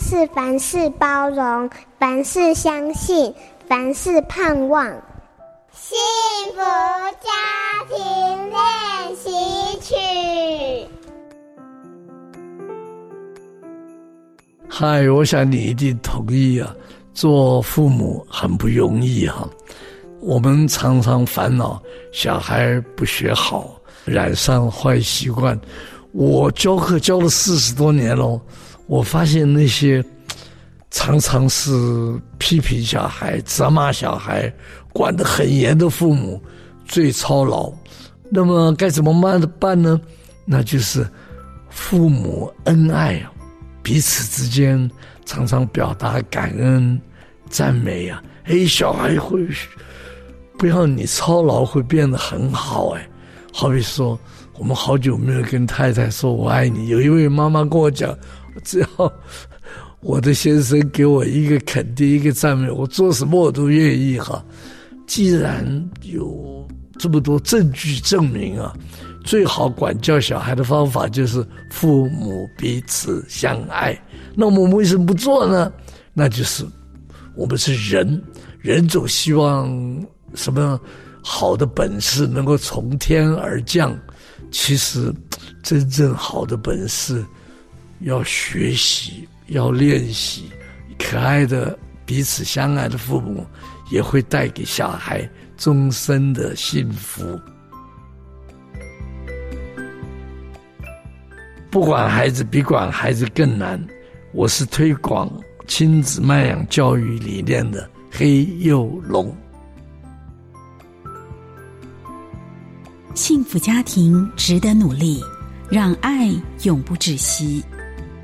是凡事包容，凡事相信，凡事盼望。幸福家庭練習曲。嗨，我想你一定同意啊，做父母很不容易哈。我們常常煩惱小孩不學好，染上壞習慣。我教課教了四十多年嘍。我發現那些常常是批評小孩、責罵小孩、管得很嚴的父母，最操勞。那麼該怎麼辦的辦呢？那就是父母恩愛，彼此之間常常表達感恩、讚美啊。哎，小孩會不要你操勞，會變得很好哎、欸。好比說，我們好久沒有跟太太說“我愛你”。有一位媽媽跟我講。只要我的先生給我一個肯定，一個讚美，我做什麼我都願意哈。既然有這麼多證據證明啊，最好管教小孩的方法就是父母彼此相愛。那我們為什麼不做呢？那就是我們是人，人總希望什麼好的本事能夠從天而降。其實真正好的本事。要學習，要練習。可愛的彼此相愛的父母，也會帶給小孩終身的幸福。不管孩子比管孩子更難，我是推廣親子慢養教育理念的黑幼龍。幸福家庭值得努力，讓愛永不止息。